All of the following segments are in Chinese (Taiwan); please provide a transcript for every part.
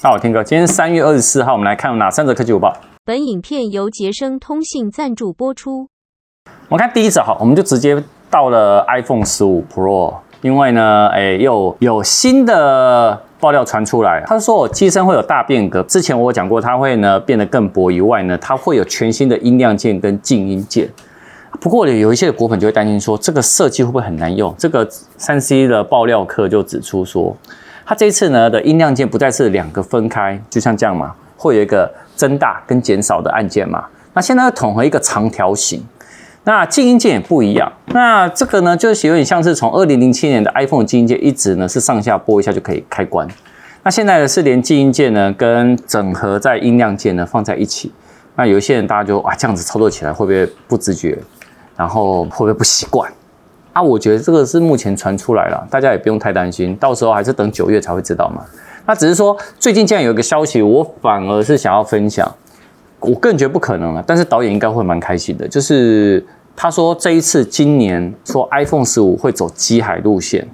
好，我 Tim 哥，今天三月二十四號，我們來看哪三則科技午報。本影片由傑昇通信贊助播出。我們看第一則，好，我們就直接到了 iPhone 十五 Pro，因為呢，哎，又有，有新的爆料傳出來，他說機身會有大變革。之前我有講過，它會呢變得更薄，以外呢，它會有全新的音量鍵跟靜音鍵。不過有一些果粉就會擔心說，這個設計會不會很難用？這個三 C 的爆料客就指出說，它這一次呢的音量鍵不再是兩個分開，就像這樣嘛，會有一個增大跟減少的按鍵嘛。那現在要統合一個長條形，那靜音鍵也不一樣。那這個呢，就有點像是從二零零七年的 iPhone 靜音鍵，一直呢是上下撥一下就可以開關。那現在呢，是連靜音鍵呢跟整合在音量鍵呢放在一起。那有些人大家就啊，這樣子操作起來會不會不直覺，然後會不會不習慣？那我覺得這個是目前傳出來了，大家也不用太擔心，到時候還是等九月才會知道嘛。那只是說最近竟然有一個消息，我反而是想要分享，我個人覺得不可能了。但是導演應該會蠻開心的，就是他說這一次今年說 iPhone 十五會走機海路線，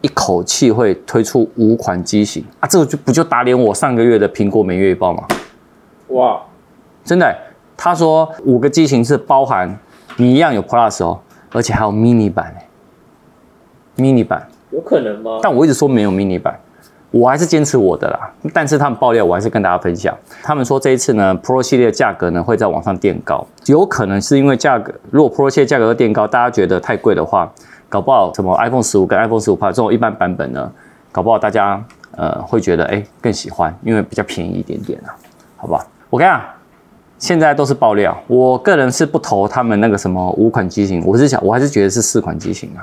一口氣會推出五款機型啊，這個就不就打臉我上個月的蘋果每月預報嗎？哇，真的欸，他說五個機型是包含你一樣有 Plus 哦。而且還有迷你版嘞，迷你版有可能嗎？但我一直說沒有迷你版，我還是堅持我的啦。但是他們爆料，我還是跟大家分享。他們說這一次呢，Pro 系列的價格呢會再往上墊高，有可能是因為價格。如果 Pro 系列價格又墊高，大家覺得太貴的話，搞不好什麼 iPhone 十五跟 iPhone 十五 Pro 這種一般版本呢，搞不好大家呃會覺得哎、欸、更喜歡，因為比較便宜一點點啦、啊、好不好？我跟你講現在都是爆料，我個人是不投他們那個什麼五款機型，我是想我還是覺得是四款機型啊。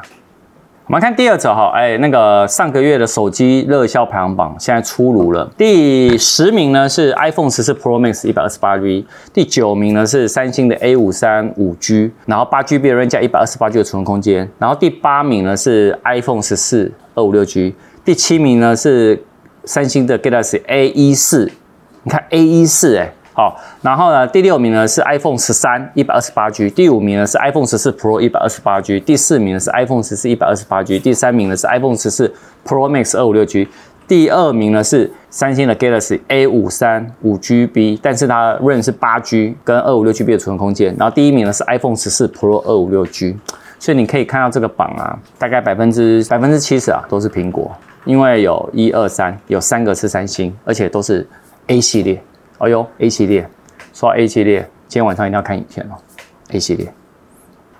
我們看第二則哈，哎，那個上個月的手機熱銷排行榜現在出爐了，第十名呢是 iPhone 十四 Pro Max 一百二十八 G，第九名呢是三星的 A 五三五 G，然後八 G 版本加一百二十八 G 的儲存空間，然後第八名呢是 iPhone 十四二五六 G，第七名呢是三星的 Galaxy A 一四，你看 A 一四哎。哦，然後呢，第六名呢是 iPhone 十三一百二十八 G，第五名呢是 iPhone 十四 Pro 一百二十八 G，第四名呢是 iPhone 十四一百二十八 G，第三名呢是 iPhone 十四 Pro Max 二五六 G，第二名呢是三星的 Galaxy A 五三五 G B，但是它 RAM 是八 G 跟二五六 G B 的儲存空間，然後第一名呢是 iPhone 十四 Pro 二五六 G，所以你可以看到這個榜啊，大概百分之百分之七十啊都是蘋果，因為有一二三有三個是三星，而且都是 A 系列。哎呦，A 系列，刷 A 系列，今天晚上一定要看影片哦。A 系列，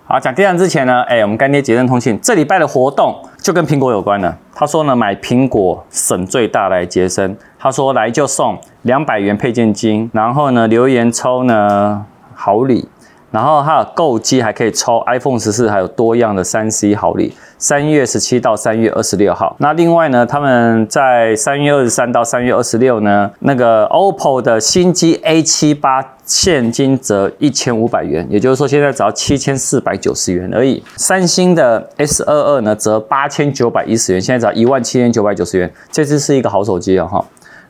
好，講電商之前呢，哎，我們乾爹傑森通信，這禮拜的活動就跟蘋果有關了，他說呢，買蘋果省最大來杰森，他說來就送兩百元配件金，然後呢留言抽呢好禮。然後它的購機還可以抽 iPhone 十四，還有多樣的 3C 好禮。三月十七到三月二十六號。那另外呢，他們在三月二十三到三月二十六呢，那個 OPPO 的新機 A 七八現金折一千五百元，也就是說現在只要七千四百九十元而已。三星的 S 二二呢折八千九百一十元，現在只要一萬七千九百九十元。這只是一個好手機哦。哈。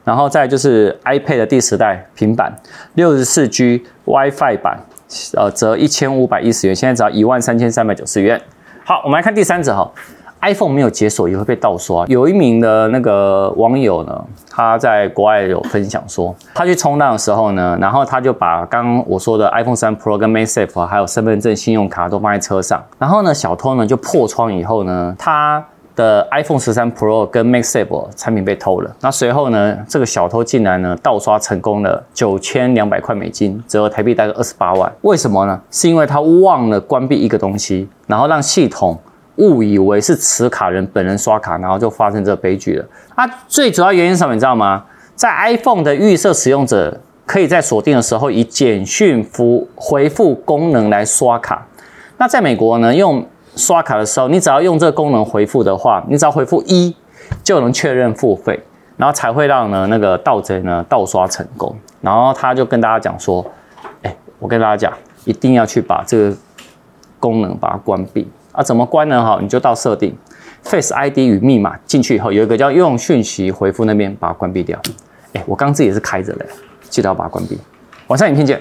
然後再就是 iPad 第十代平板，六十四 G WiFi 版。呃，折一千五百一十元，現在只要一萬三千三百九十元。好，我們來看第三則。哈。iPhone 沒有解鎖也會被盜刷。有一名的那個網友呢，他在國外有分享說，他去衝浪的時候呢，然後他就把剛剛我說的 iPhone 三 Pro 跟 MagSafe 還有身份證、信用卡都放在車上，然後呢，小偷呢就破窗以後呢，他。的 iPhone 十三 Pro 跟 Mac e、er、產品被偷了，那隨後呢，這個小偷竟然呢，盜刷成功了九千兩百塊美金，折合台幣大概二十八萬。為什麼呢？是因為他忘了關閉一個東西，然後讓系統誤以為是持卡人本人刷卡，然後就發生這個悲劇了、啊。那最主要原因是什麼？你知道嗎？在 iPhone 的預設使用者可以在鎖定的時候以簡訊服回復功能來刷卡。那在美國呢，用刷卡的時候，你只要用這個功能回復的話，你只要回復一就能確認付費，然後才會讓呢那個盜賊呢盜刷成功。然後他就跟大家講說，哎、欸，我跟大家講，一定要去把這個功能把它關閉啊！怎麼關呢？哈，你就到設定 Face ID 與密碼進去以後，有一個叫用訊息回復那邊把它關閉掉。哎、欸，我剛自己也是開着的，記得要把它關閉。晚上影片見。